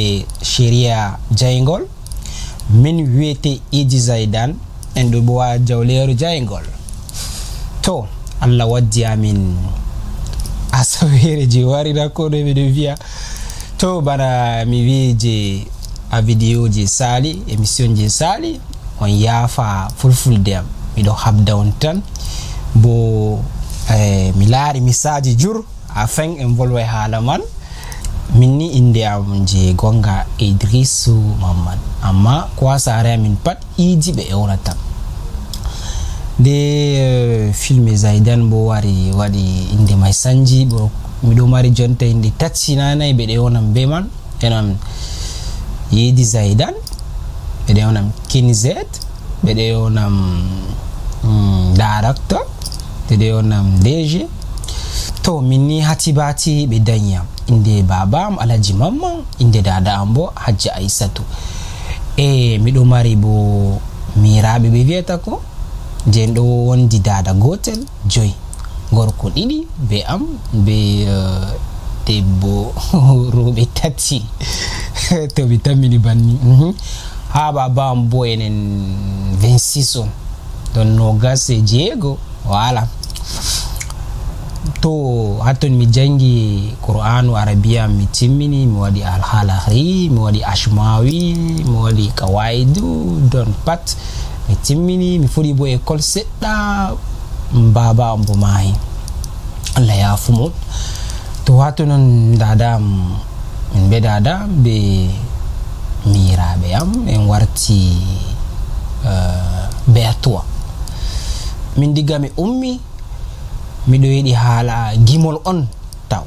be shiria jayngol min wiyete idi zaidan en ɗo bowa jawleeru jayngol to allah waddi amin asaweere je warira koɗo miɗo wiya to bana mi wi je a vidéo je sali émission je sali on yaafa fulfulde am miɗo habda on tan bo eh, mi laari misaji jur afin en volway haala man min ni innde am je gonga idrisu mahammad amma ko ha saare amin pat iidi ɓe ewnata nde eh, filme zaidan bo wari waɗi innde may sanji bo miɗo mari jonta innde tacci nanayi ɓe ɗewnam be man enam yeedi zaidan ɓe ɗewnam kinzed ɓe ɗewnam mm, daracteur ɓe ɗewnam dg to min ni hatibati ɓe dañiyam inde babam alhaji mamman inde dada am bo hajji aissatu e eh, miɗo mari bo miraɓe ɓe wiyata ko jen ɗo wondi dada gotel joyi gorko ɗiɗi be am be debbo eh, roɓe tati to mi tammini banni mhm. ha baba am bo enen 26 on don nogas e jeego wala to haton mi jangi qur'anu arabia mi timmini mi waɗi alhalahri mi wadi ashmawi mi wadi kawaidu don pat mi timmini mi fuɗi bo école seɗɗa mbaba ambo mai allah ya fumo to dadam min be dadam be be am en warti uh, be atwa min digami ummi miɗo yiɗi haala gimol on taw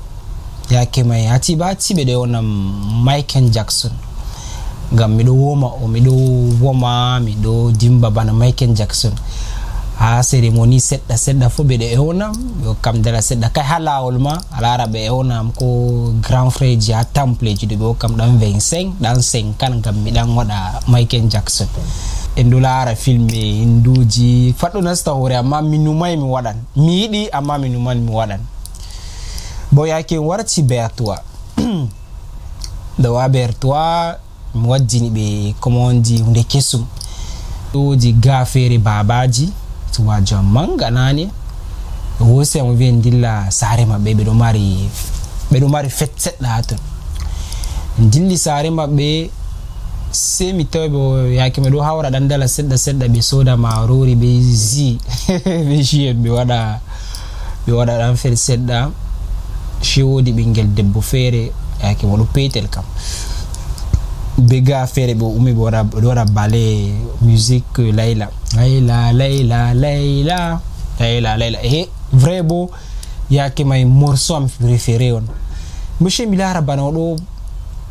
yake may hatibati ɓeɗo wonam michael jackson ngam miɗo woma o miɗo woma miɗo dimba bana michael jackson ha cérémonie seɗɗa seɗɗa fo ɓeɗo ewnam yo kam dala seɗɗa kay ha lawol ma alara ɓe ewnam ko grand frais ji ha temple ji ɗo ɓe o kam ɗan 25 ɗan 5 kan ngam miɗan waɗa michael jackson mm -hmm. e ndu laara filme nduuji faɗɗo nasta hoore amma mi numay mi waɗan mi yiɗi amma mi numan mi waɗan bo yaake mi warti beatoi dowa beatoi mi wajjini ɓe commandi hunde kesum ɗoji gafere babaji towajo manga nane wosiyamo wiyen dilla saare maɓɓe ɓeɗo mari ɓeɗo mari fet seɗɗa haton dilli saare maɓɓe se mi tawi ɓo yaake ma ɗo hawra ɗandala seɗɗa seɗɗa ɓe soda marori ɓe ji ɓe jien ɓe waɗa ɓe waɗa ɗan fel seɗɗa se wodi ɓingel debbo feere yaake ma ɗo petel kam be ga feere ɓe umi ɓeɗo waɗa bale musique layla layla layla layla layla layla e vrai bo yaake may morceau am préféré on monsieur mi laara bana oɗo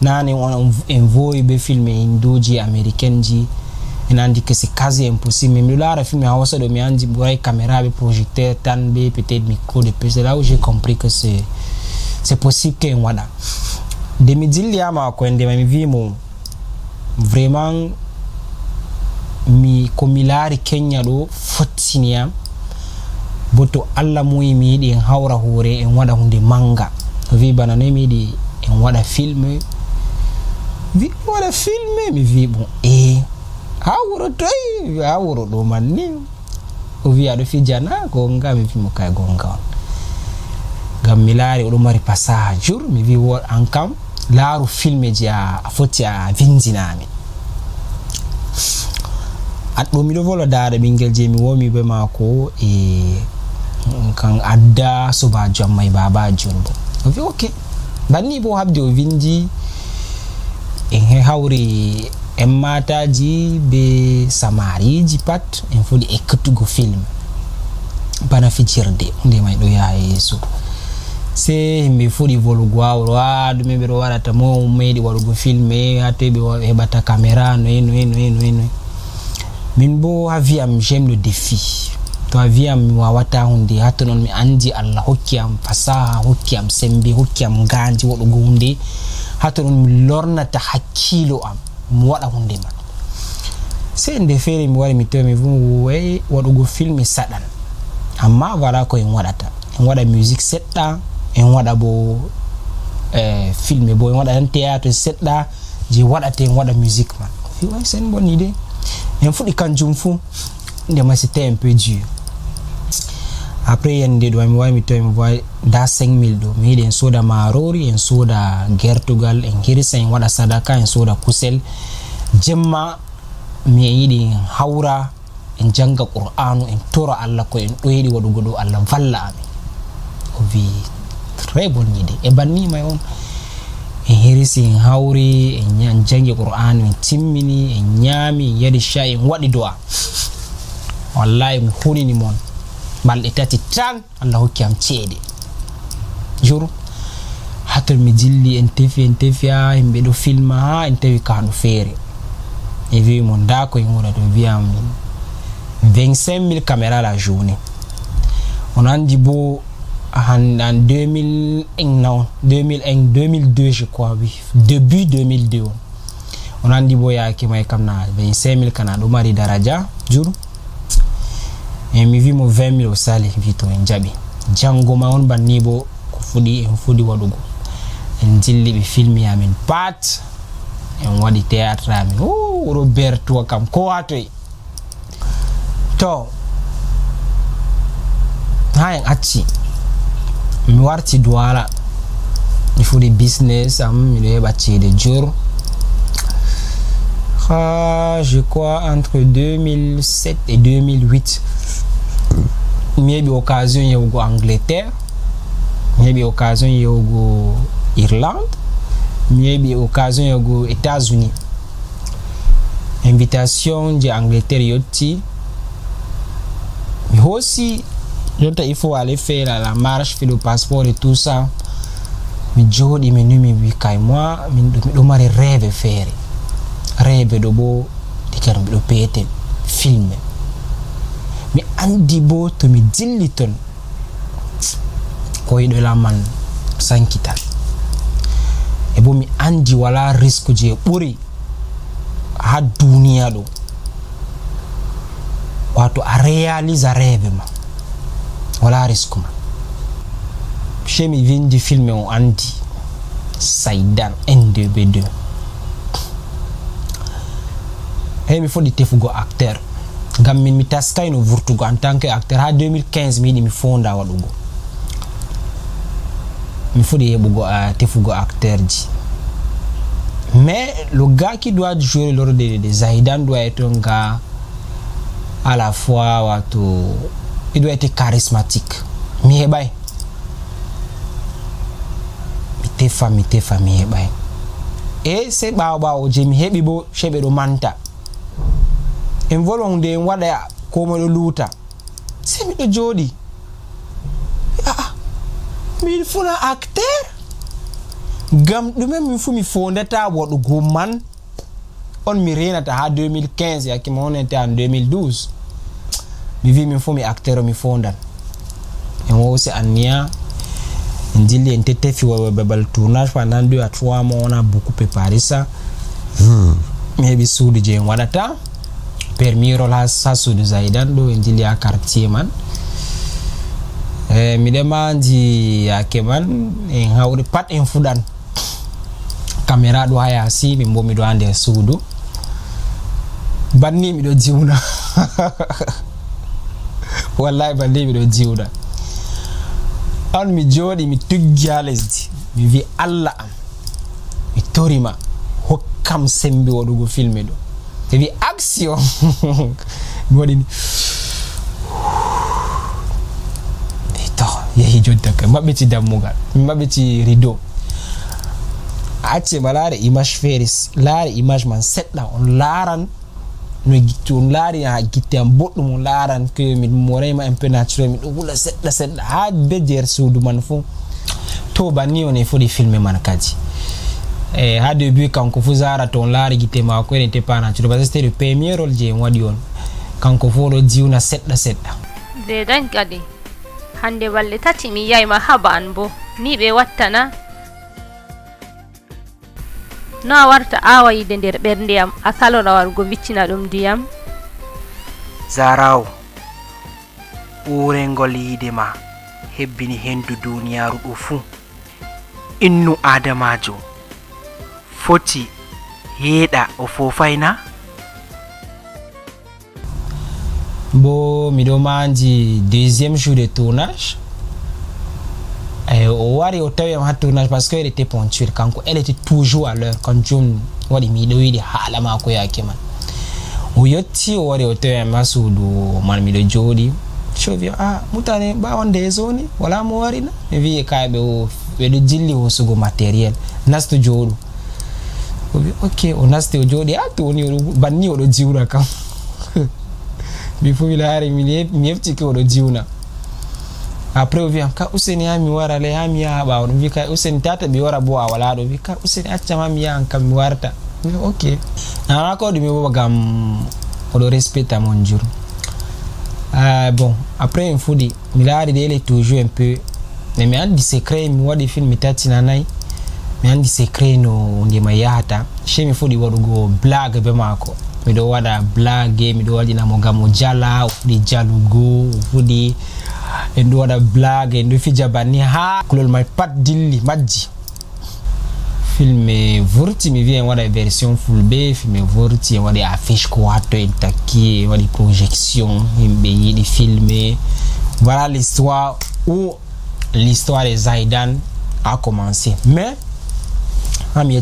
nane on envoyé be filme hinduji américaine ji en andi que c'est quasi impossible mais mi laara filme hawsa de mi andi ɓuray caméra be projecteur tan be peut être micro de pc là où j'ai compris que c'est c'est possible que wana de mi dilliyama ko endema mi wimo vraiment mi komi laari kenya do fottiniyam boto alla allah muyi mi yiɗi en hawra en wada hunde manga vi bana noyi mi en wada film wi waɗa filme mi wi ɓum e ha wuro toy ha wuro ɗo manni o wi aɗo fijana gonga mi wimo kay gonga on gam mi laari oɗo mari passage jour mi wi wo an kam laaru filme ji a foti a vindinami an ɗo miɗo wola daaɗa ɓinguel je mi womi be maako e kan adda sobajo am may babajo on bo o wi ok banni bo habde o vindi en hawri en mataji be samariji pat en fuɗi ekkutugo film bana fijirde hunde may ɗo yaha e yeeso se himɓe fuɗi volugo awro a ɗume ɓeɗo waɗata mo meɗi waɗugo filme hato ɓe heɓata caméra noyi noyi noyi noyi noyi min bo ha wiyam jame le défi to a wiyam mi wawata hunde hatto noon mi andi allah hokkiyam fasaha hokkiyam sembe hokkiyam gandi waɗugo hunde hatto noon mi lornata hakkilo am mi waɗa hunde man sei nde feere mi wari mi tewa mi vuwai waɗugo filme saɗan amma wala ko en waɗata en waɗa musique seɗɗa en waɗa bo e, filme bo en waɗa tan théâtre seɗɗa je waɗata en waɗa musique man fi wai sen bonni de en fuɗi kanjum fou ndemasi te un peu dur après yande ɗo mi wawi mi tawi mi wawi da 5000 ɗo mi yiɗi en soda marori en soda gertugal en hirsa en waɗa sadaka en soda kusel jemma mi en yiɗi en hawra en janga qur'anu en tora allah ko en ɗoyiɗi waɗugo ɗo allah valla amin o wi très bon yide e banni may on en hirisi en hawri en jangi qur'anu en timmini en ñaami en yadi sha en waɗi do'a wallahi mi hunini moon balɗe tati tan allah hokki am ceede jour hatol mi jilli en tefi en tefi a yimɓe ɗo filma ha en tawi kaandu feere e wi mo nda koye wuɗa ɗo wiyam 25 mille caméra la journée on andi bo an 2000 en non 2000 en 2002 je crois oui début 2002 on on andi bo yaake may kam na 25 mille kana ɗo mari daradia jour en eh, mi wimo 20 o sali wi to en jaɓi jango ma on banni bo ko fuɗi en fuɗi waɗugo en dilli ɓe filmi amin pat en waɗi théâtre amin wuro bertuwa kam ko toye to ha en acci mi warti duwala mi fuɗi business am miɗo heɓa ceede jur je crois, entre 2007 et 2008. il y a Angleterre, l'occasion occasion il y a Irlande, maybe occasion il y États-Unis. Invitation de Angleterre yoti, Mais aussi il faut aller faire la marche, faire le passeport et tout ça. Mais jodi mi numi mais kay moi, mi le mari rêve faire. reɓe ɗo bo dikano miɗo peetel filme mi andi bo to mi dilli ton koyiɗo laman sankita e bo mi andi wala risque je ɓuri ha duniya ɗo wato a réalise a reɓe ma wala risque ma se mi vindi filme o andi saydan ndb 2 heymi foɗi tefugo acteur ngam min mi no vurtugo en tant que acteur ha 2015 mi yiɗi mi fonda waɗugo mi foɗi heɓugo ah, tefugo acteur ji mais le gars qui doit jouer le rôle de, de zahidan doit être un gars à la fois wato il doit être charismatique mi heɓay mi tefa mi tefa mi heɓay e se ɓawo ɓawo je mi heɓi bo manta en volwa hunde en waɗa ko moɗo luuta sei miɗo jooɗi aa min funa acteur gam ɗumen min fu mi fondata waɗugo man on mi renata ha 2015 yakke mi honente an 2012 mi wi min fu mi acteur o mi fondan en wowsi anniya en dilli en tettefi wawa babal tournage pendant 2 à trois mois on a beaucoup préparé ça hmm. mi heeɓi suudu je en waɗata permiro la sasu sasudu zaidan ɗo en dili ha quartier man e eh, de maji yake man en hauri pat en fuɗan kamera ɗo ha yasi mi bo miɗo ande sudu. suudu mi do jiwna wallahi banni do jiwna on mi jodi mi tuggi mi vi allah am mi torima hokkam sembe waɗugo filme tewi action mi waɗini to yehi joni tan kay maɓɓiti dammugal mi maɓɓiti rideau accima laare image feris laare image man seɗɗa on laaran no gitti on laari ha gitte am boɗɗum on laaran que min moraima un peu naturel miɗo wula seɗɗa seɗɗa ha bedier suudu man fo to banni one foɗi filme man kadi e ha debut kanko fo zara to on laari guite mako eɗen tepanacuɗo parce que c'était le premier role je en waɗi on kanko fo ɗo jiwna seɗɗa seɗɗa de dan kadi hande balɗe tati mi yiyayma haba an bo ni ɓe wattana no a warta awayide nder ɓerndeyam a salona wargo biccina ɗum ndiyam zarao urengol yiide ma hebbini hendu duniyaru ɗo fuu innu adamajo foti heeɗa o fofayna bo miɗo maandi deuxiéme jour de tournage eh, o wari o tawi ha tournage par ce que elle était ponctuel kanko elle était toujours à l'heure kanjum waɗi miɗo yiɗi haala mako yaake man o yetti o wari o tawi ha suudu man miɗo jooɗi sowi a ah, mutane ɓawan de e wala mo warina mi wiye kaɓe ɓeɗo jilli hosugo matériel nastu jooɗu o wi ok o nasti o jooɗi a ah, to woni oɗo banni oɗo jiwna kam mi fu milaari mi heftike oɗo jiwna après o wiyam ka useni ha mi wara ley ha mi yaha ɓawa ɗum wi ka useni tata ɓe wara bo a wala ɗo wi ka useni accam ha mi yahan kam mi warta wi ok nana ko ɗumi boba gam oɗo respecta mon jur ah, bon après mi fuɗi mi laari de le toujours un peu ne mi andi secret mi waɗi fin mi tatinanayi miandi secreno ndema yahata she mi fuɗi waɗugo blague be maako miɗo waɗa blague miɗo waɗinamo gam o jala o fuɗi jalugo o fuɗi en ɗo waɗa blague en ɗo fija banni ha kulol mai pat dilli majji filme vurti mi wi en waɗa version fulɓe filme vurti en waɗi affiche ko hatto en takki en waɗi projection yimɓe yiɗi filme voilà l'histoire ou l'histoire de zaidan a commencé mais Filmé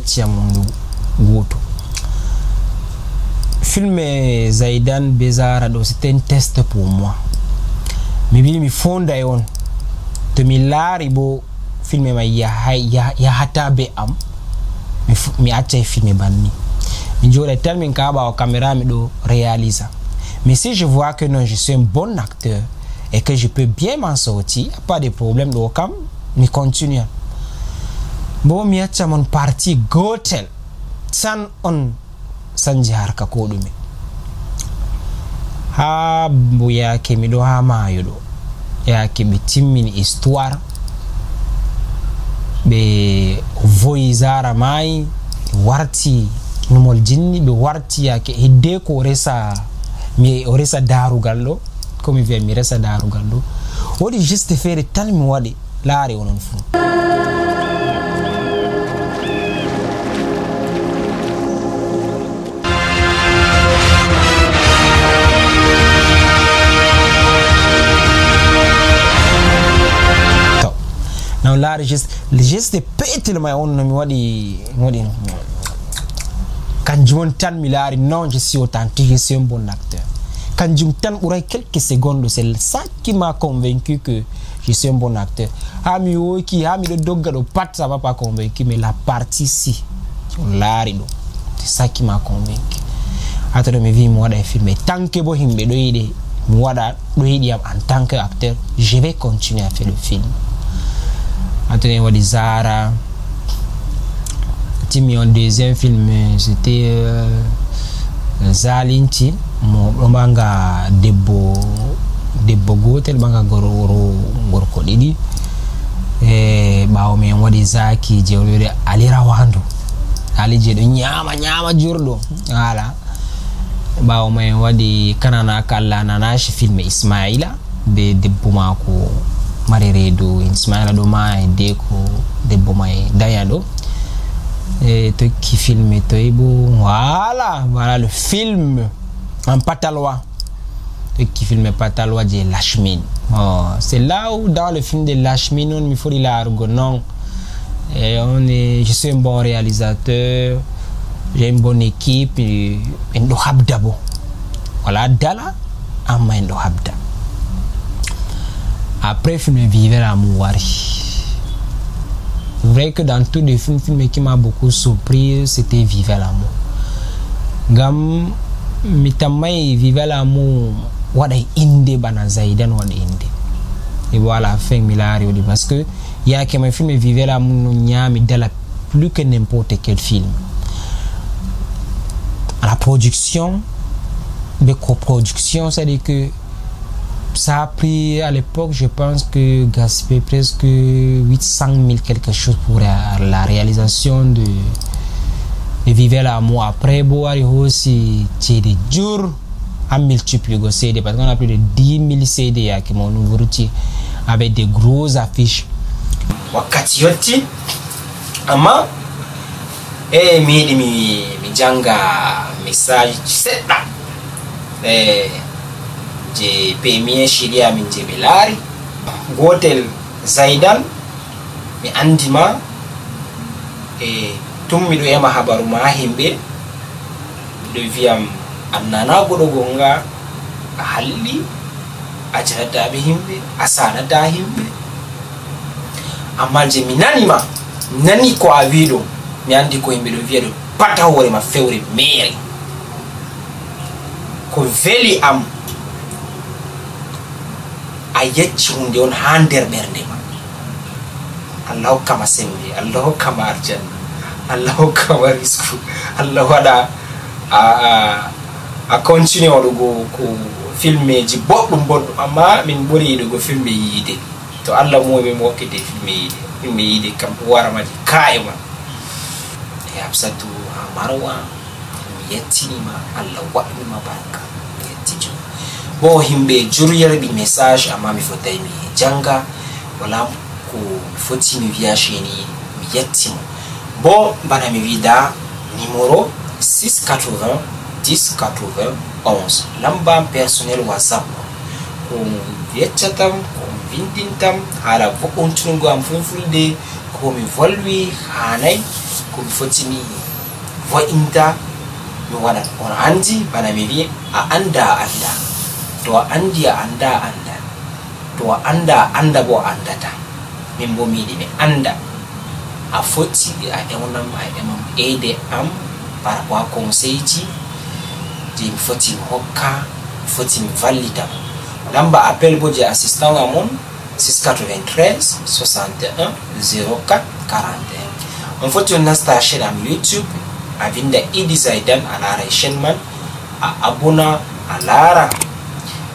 goto filme zaidan bezara ɗo c'était un test pour moi mi bi mi yon. on to mi filmé, bo filme mai yahata be am mi accay filme banni mi joɗay tan min ka ɓawa caméra do réalisa mais si je vois que non je suis un bon acteur et que je peux bien m'en sortir pas de problème ɗo cam, mi continue bo mi yacca mon parti gotel san on sanji harka ko ɗumi ha yake miɗo ha mayo ɗo yake ɓe timmini histoire ɓe voyi zara mayi warti numol jinni ɓe warti yake hidde ko resa mi o resa darugal ɗo komi wiya mi resa darugal ɗo waɗi geste feere tan mi waɗi laare onon fuu Là je geste petel mais on me waɗi mi waɗi Quand non je suis authentique je suis un bon acteur je tan ɓuray quelques secondes c'est ça qui m'a convaincu que je suis un bon acteur ami mi qui le le le le pat ça va pas convaincu mais la partie ci, on c'est ça qui m'a convaincu hata mes mi moi mi waɗa e bo himɓe ɗo en tant que acteur je vais continuer à faire le film entre en waɗi zara timmi on deuxiéme film c'était euh, zalinti mo ɗo mbaga debbo debbo gotel ɓaga gorro gorko ɗiɗi e ɓawo men waɗi zaki je wolwiwde alira wandu ali je ɗo ñama ñama jurɗo wala ɓawo men waɗi kanana kallah nanashi filme ismaila be debbo mako mari redu ismaila ɗo ma en de ko debbo may qui e tokki filme toye voilà voilà le film en patalois qui filme patalois je lachmine oh, c'est là où dans le film de lachmine on mi foti laarugo non et on est je suis un bon réalisateur j'ai une bonne équipe en ɗo habda bo wala dala amma en ɗo habda après, film Vivre l'amour Vrai que dans tous les films, film qui m'a beaucoup surpris, c'était Vivre l'amour. Gam, mitamai Vivre l'amour, wada inde bana zaiden wada inde. Et voilà, fin milari odi parce que il y a que mes films Vivre l'amour mais de la plus que n'importe quel film. la production, les coproduction, c'est-à-dire que ça a pris à l'époque, je pense que gaspé presque 800 000 quelque chose pour la, la réalisation de, de Vivre l'amour. Après, Boari aussi, c'est des jours à multiplier les CD parce qu'on a plus de 10 000 CD qui mon nouveau routier avec des grosses affiches. Wakati yote ama eh mimi mijanga message tu eh je pemie shiri min je ɓe laari gotel zaidan mi andima e tun miɗo ema habaru ma himɓe miɗo wiyam annana godo gonga a halli a be himɓe a da himɓe amma je mi nanima nani ko a wiɗo mi andi ko himɓe ɗo wiya ɗo pata hore ma fewre mere ko veli am a yecci hunde on ha nder ɓerde ma allah hokkama sembe allah hokkama arjanna allah hokkama risqu allah waɗa a a continue waɗugo ko filmeji boɗɗum boɗɗum amma min ɓuri yiɗugo filme yiide to allah mumi mi wokkide filme yiide filme yiide kam ɗum wara madi kaye ma e absadou ha marwa mi yettinima allah waɗmima barka mi yetti jon bo himɓe juryer ɗi message amma mi fodday mi janga wala ko mi foti mi wiya ceni mi yettimo bo bana mi wida numéro 680 10 91 lamba personnel whatsapp ko yeccatam ko vindintam haala vo'untungo am fulfulde ko mi volwi hanay ko mi foti mi vo'inta mi waɗan on andi bana mi wi a anda a anda to a andi a anda anda to anda anda bo a andata min mi yiɗi anda a fotti a ewnam a emam eide am par rapport a conseil foti mi foti mi namba appel bo je assistant amon 693 61 04 41 on foti on nasta chaine am youtube avinda vinda idi zaidan a man a abona alara laara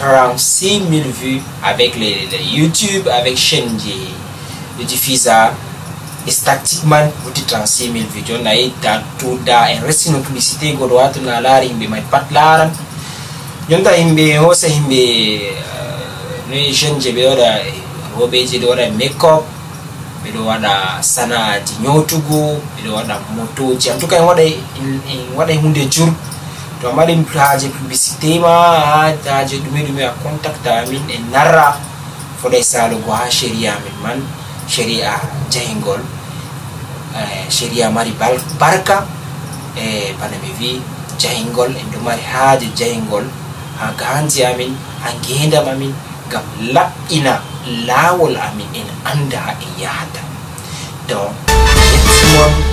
36 000 vues avec les, les YouTube, avec chaîne de, de Diffusa. Et statiquement, vous dites 36 000 vues. On a eu dans tout dans un récit de publicité, on a eu dans l'art, on a eu pas l'art. On a eu aussi un jeune qui a eu un make-up. ɓeɗo waɗa on a eu des motos. en tout cas on a eu des jours. to a mbaɗi haaje publicité ma ha haaje ɗume ɗume a contact amin e narra foɗay salugo ha chérie amin man chérie a jahingol chérie eh, a mari barka e bana mi wi jahingol en ɗo mari haaje jahingol ha gandi amin ha gendam amin gam laɓɓina lawol amin en anda en yahata don